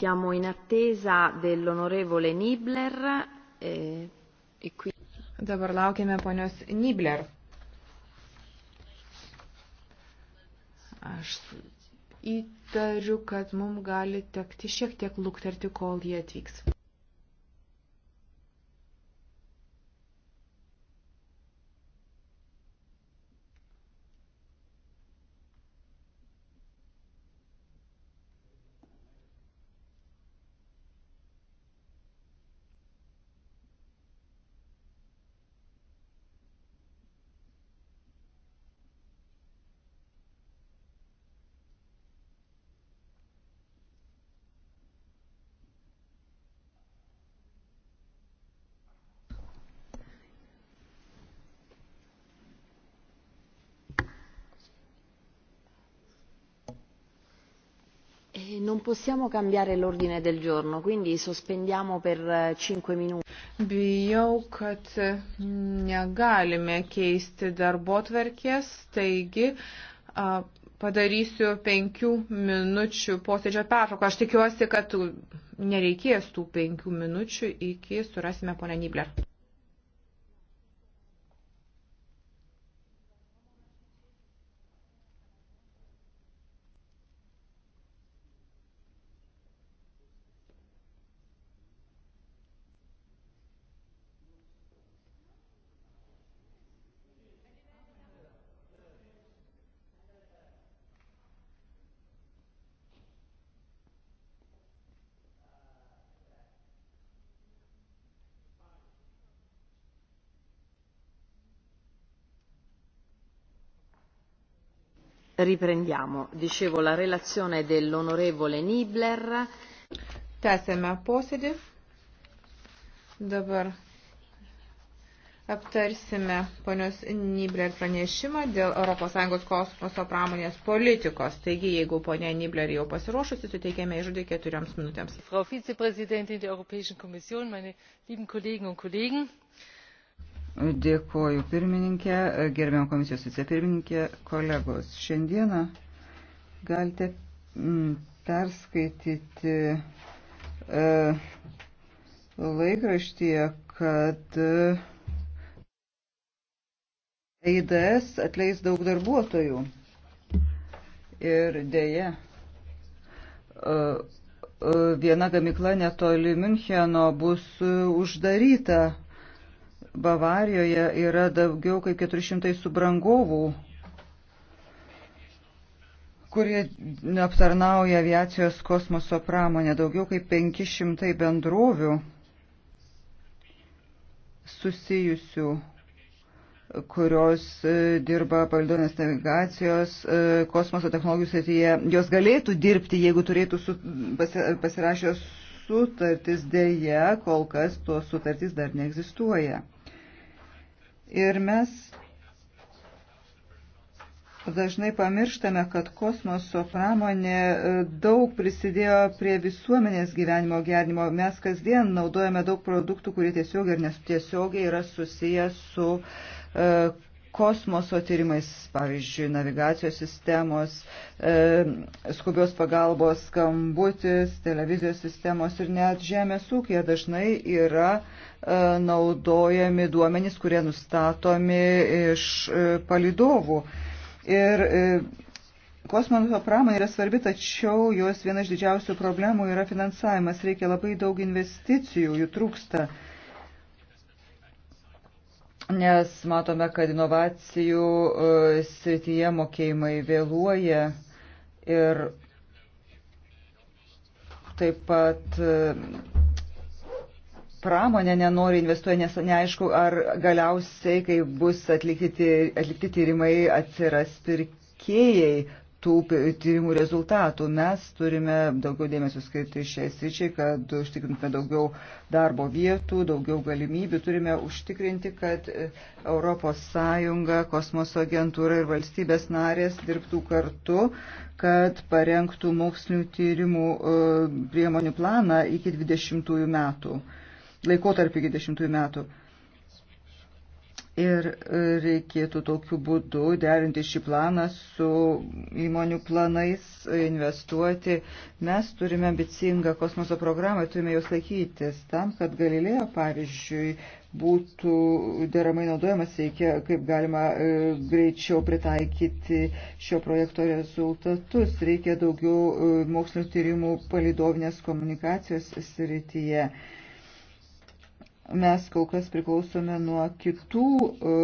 Siamo in attesa dell'onorevole Nibler. E, e qui... Dabar laukiame ponios Nibler. Aš įtariu, kad mums gali tekti šiek tiek lukterti, kol jie atvyks. Eh, non possiamo cambiare l'ordine del giorno, quindi sospendiamo per 5 eh, minuti. Bijau, kad negalime keisti darbo tvarkės, taigi padarysiu penkių minučių posėdžio pertrauką. Aš tikiuosi, kad nereikės tų penkių minučių iki surasime ponę Nibler. Riprendiamo. Dicevo, la relazione dell'onorevole Nibler. Tęsėme posėdį. Dabar aptarsime ponios Nibler pranešimą dėl ES kosmoso pramonės politikos. Taigi, jeigu ponia Nibler jau pasiruošusi, suteikėme įžodį keturioms minutėms. Frau Vizepräsidentin der Europäischen Kommission, meine lieben Kollegen und Kollegen. Dėkoju pirmininkė, gerbiam komisijos vicepirmininkė, kolegos. Šiandieną galite mm, perskaityti e, laikraštyje, kad EIDS e atleis daug darbuotojų. Ir dėje. E, e viena gamikla netoli Müncheno bus uždaryta Bavarijoje yra daugiau kaip 400 subrangovų, kurie aptarnauja aviacijos kosmoso pramonę, daugiau kaip 500 bendrovių susijusių kurios e, dirba palidonės navigacijos e, kosmoso technologijų srityje, jos galėtų dirbti, jeigu turėtų su, pasirašęs sutartis dėje, kol kas tos sutartys dar neegzistuoja. Ir mes dažnai pamirštame, kad kosmoso pramonė e, daug prisidėjo prie visuomenės gyvenimo gerinimo. Mes kasdien naudojame daug produktų, kurie tiesiog ir netiesiogiai yra susiję su e, kosmoso tyrimais, pavyzdžiui, navigacijos sistemos, e, skubios pagalbos skambutis, televizijos sistemos ir net žemės ūkija dažnai yra e, naudojami duomenys, kurie nustatomi iš e, palidovų. Ir e, Kosmoso pramonė yra svarbi, tačiau jos viena iš didžiausių problemų yra finansavimas. Reikia labai daug investicijų, jų trūksta. E, nes matome, kad inovacijų e, srityje mokėjimai vėluoja ir taip pat e, pramonė nenori investuoja, nes neaišku, ar galiausiai, kai bus atlikti, atlikti tyrimai, atsiras pirkėjai tų tyrimų rezultatų. Mes turime daugiau dėmesio skirti šiai sričiai, kad užtikrintume daugiau darbo vietų, daugiau galimybių. Turime užtikrinti, kad ES, kosmoso agentūra ir valstybės narės dirbtų kartu, kad parengtų mokslinių tyrimų e, priemonių planą iki 20 metų, laikotarpį iki 20 metų. Ir e, reikėtų tokiu būdu derinti šį planą su įmonių planais e, investuoti. Mes turime ambicingą kosmoso programą, turime jos laikytis. Tam, kad Galilėjo, pavyzdžiui, būtų deramai naudojamas, reikia kaip galima e, greičiau pritaikyti šio projekto rezultatus. Reikia daugiau mokslinio tyrimų palidovinės komunikacijos srityje. Mes kol kas priklausome nuo kitų e,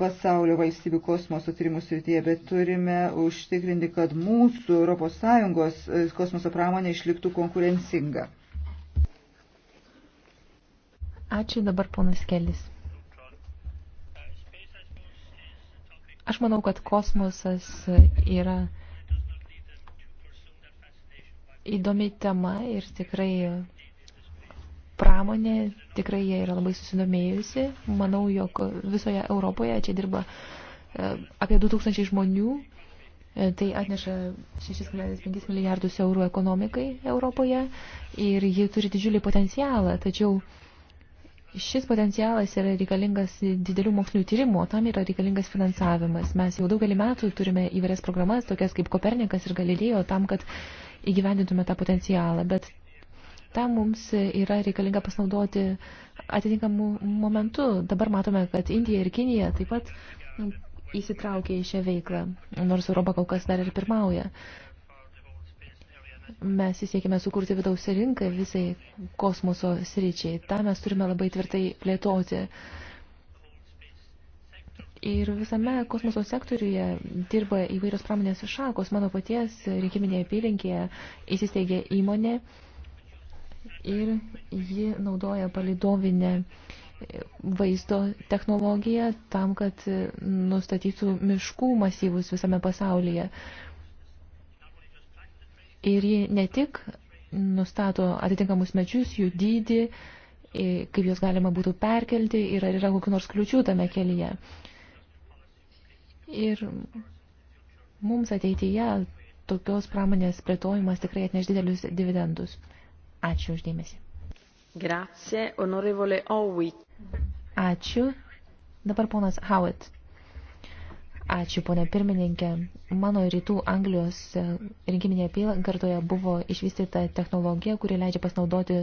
pasaulio valstybių kosmoso tyrimų srityje, bet turime užtikrinti, kad mūsų ES e, kosmoso pramonė išliktų konkurencinga. Ačiū dabar ponas Kelis. Aš manau, kad kosmosas yra įdomi tema ir tikrai pramonė, tikrai jie yra labai susidomėjusi. Manau, jog visoje Europoje čia dirba e, apie 2000 žmonių, e, tai atneša 6,5 milijardus eurų ekonomikai Europoje ir ji turi didžiulį potencialą, tačiau šis potencialas yra reikalingas didelių mokslinių tyrimų, o tam yra reikalingas finansavimas. Mes jau daugelį metų turime įvairias programas, tokias kaip Kopernikas ir Galilėjo, tam, kad įgyvendintume tą potencialą, bet Tam mums yra reikalinga pasinaudoti atitinkamų momentų. Dabar matome, kad Indija ir Kinija taip pat įsitraukė į šią veiklą, nors Europa kol kas dar ir pirmauja. Mes įsiekime sukurti vidaus rinką visai kosmoso sričiai. Ta mes turime labai tvirtai plėtoti. Ir visame kosmoso sektoriuje dirba įvairios pramonės šakos. Mano paties rinkiminėje apylinkėje įsisteigė įmonė, ir ji naudoja palidovinę vaizdo technologiją tam, kad nustatytų miškų masyvus visame pasaulyje. Ir ji ne tik nustato atitinkamus medžius, jų dydį, kaip juos galima būtų perkelti ir ar yra kokių nors kliučių tame kelyje. Ir mums ateityje tokios pramonės plėtojimas tikrai atneš didelius dividendus. Ačiū uždėmesi. Grazie, honorevole Howitt. Ačiū. Dabar ponas Howitt. Ačiū, ponė pirmininkė. Mano rytų Anglijos e, rinkiminėje apygardoje buvo išvystyta technologija, kuri leidžia pasinaudoti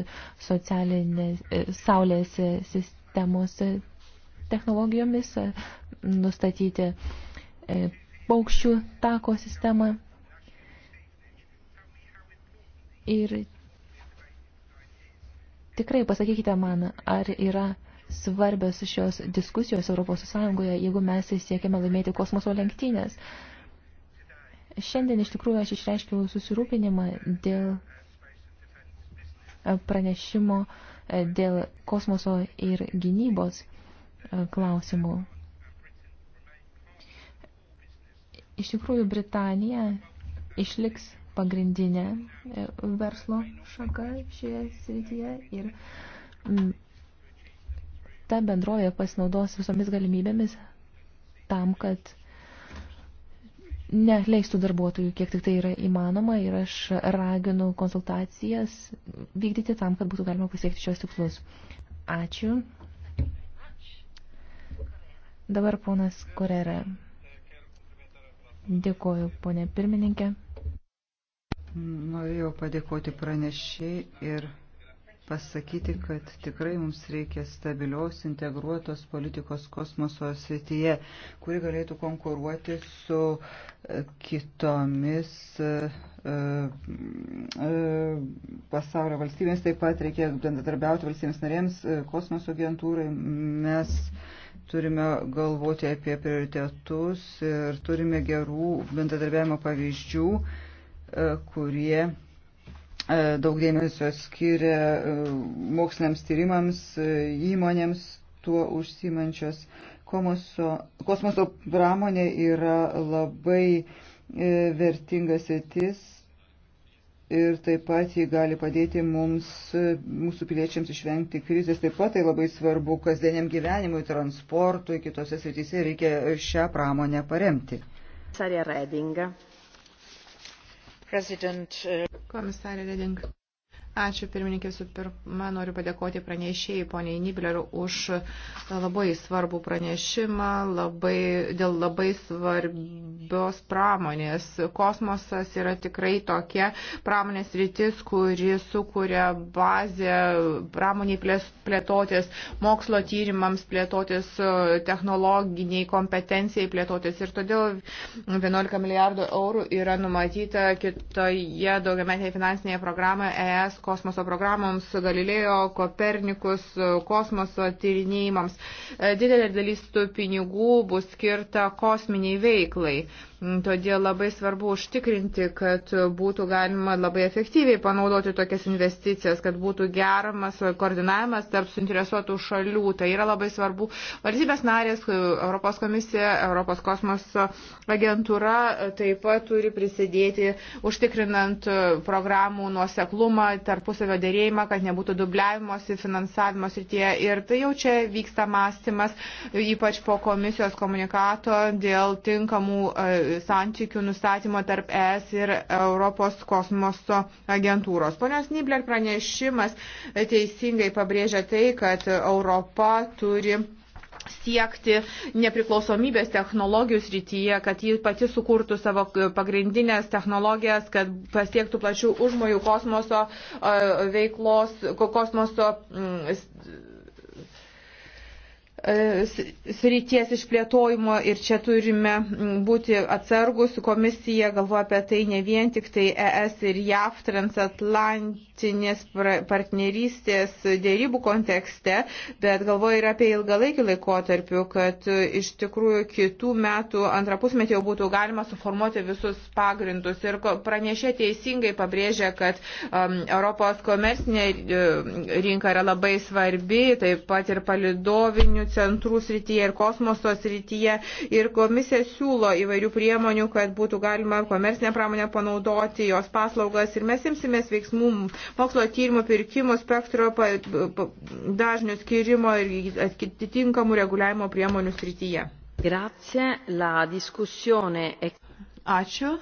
socialinės e, saulės e, sistemos technologijomis, nustatyti paukščių tako sistemą. Ir Tikrai pasakykite man, ar yra svarbios šios diskusijos Europos Sąjungoje, jeigu mes siekiame laimėti kosmoso lenktynės. Šiandien iš tikrųjų aš išreiškiau susirūpinimą dėl e, pranešimo e, dėl kosmoso ir gynybos e, klausimų. Iš tikrųjų, Britanija išliks pagrindinė e, verslo šaka šioje srityje ir mm, ta bendrovė pasinaudos visomis galimybėmis tam, kad neleistų darbuotojų, kiek tik tai yra įmanoma ir aš raginu konsultacijas vykdyti tam, kad būtų galima pasiekti šios tikslus. Ačiū. Dabar ponas Korera. Dėkoju, ponė pirmininkė. Norėjau padėkoti pranešiai ir pasakyti, kad tikrai mums reikia stabilios integruotos politikos kosmoso srityje, kuri galėtų konkuruoti su e, kitomis e, e, pasaulio valstybėmis. Taip pat reikia bendradarbiauti valstybėms narėms, kosmoso agentūrai. Mes turime galvoti apie prioritetus ir turime gerų bendradarbiavimo pavyzdžių E, kurie e, daug dėmesio skiria e, moksliniams tyrimams, įmonėms tuo užsimančios. Komoso, kosmoso pramonė yra labai vertingas etis ir taip pat jį gali padėti mums, mūsų piliečiams išvengti krizės. Taip pat tai labai svarbu kasdieniam gyvenimui, transportui, kitose srityse reikia šią pramonę paremti. Sarė Redinga. President. Uh, Komisarė Reding. Ačiū pirmininkė, su pirma noriu padėkoti pranešėjai poniai Nibler už labai svarbų pranešimą labai, dėl labai svarbios pramonės. Kosmosas yra tikrai tokia pramonės rytis, kuri sukuria bazę pramoniai plėtotis, mokslo tyrimams plėtotis, technologiniai kompetencijai plėtotis. Ir todėl 11 milijardų eurų yra numatyta kitoje daugiametėje finansinėje programoje ES kosmoso programoms Galilėjo, Kopernikus, kosmoso tyrinėjimams. E, didelė dalis tų pinigų bus skirta kosminiai veiklai. Todėl labai svarbu užtikrinti, kad būtų galima labai efektyviai panaudoti tokias investicijas, kad būtų geramas koordinavimas tarp suinteresuotų šalių. Tai yra labai svarbu. Valstybės narės, Europos komisija, Europos kosmoso agentūra taip pat turi prisidėti užtikrinant programų nuoseklumą, tarpusavio dėrėjimą, kad nebūtų dubliavimosi, finansavimo srityje. Ir tai jau čia vyksta mąstymas, ypač po komisijos komunikato dėl tinkamų e, santykių nustatymo tarp ES ir Europos kosmoso agentūros. Ponios Nibler pranešimas teisingai pabrėžia tai, kad Europa turi siekti nepriklausomybės technologijų srityje, kad ji pati sukurtų savo pagrindinės technologijas, kad pasiektų plačių užmojų kosmoso veiklos, kosmoso E, srities išplėtojimo ir čia turime būti atsargus. Komisija galvoja apie tai ne vien tik tai ES ir JAV transatlantinės partnerystės dėrybų kontekste, bet galvoja ir apie ilgalaikį laikotarpį, kad iš tikrųjų kitų metų antrą pusmetį jau būtų galima suformuoti visus pagrindus. Ir pranešė teisingai pabrėžė, kad um, Europos komercinė e, rinka yra labai svarbi, taip pat ir palidovinių centrų srityje ir kosmoso srityje. Ir komisija siūlo įvairių priemonių, kad būtų galima komercinę pramonę panaudoti, jos paslaugas. Ir mes imsimės veiksmų mokslo tyrimų pirkimų spektro dažnių skirimo ir atitinkamų reguliavimo priemonių srityje. Grazie, la diskusione. Ačiū.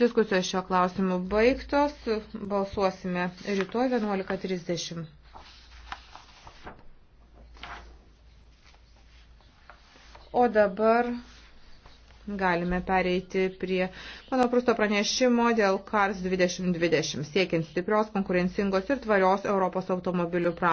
Diskusijos šio klausimu baigtos. Balsuosime rytoj 11.30. O dabar galime pereiti prie mano prusto pranešimo dėl Kars 2020, siekiant stiprios, konkurencingos ir tvarios Europos automobilių pramonės.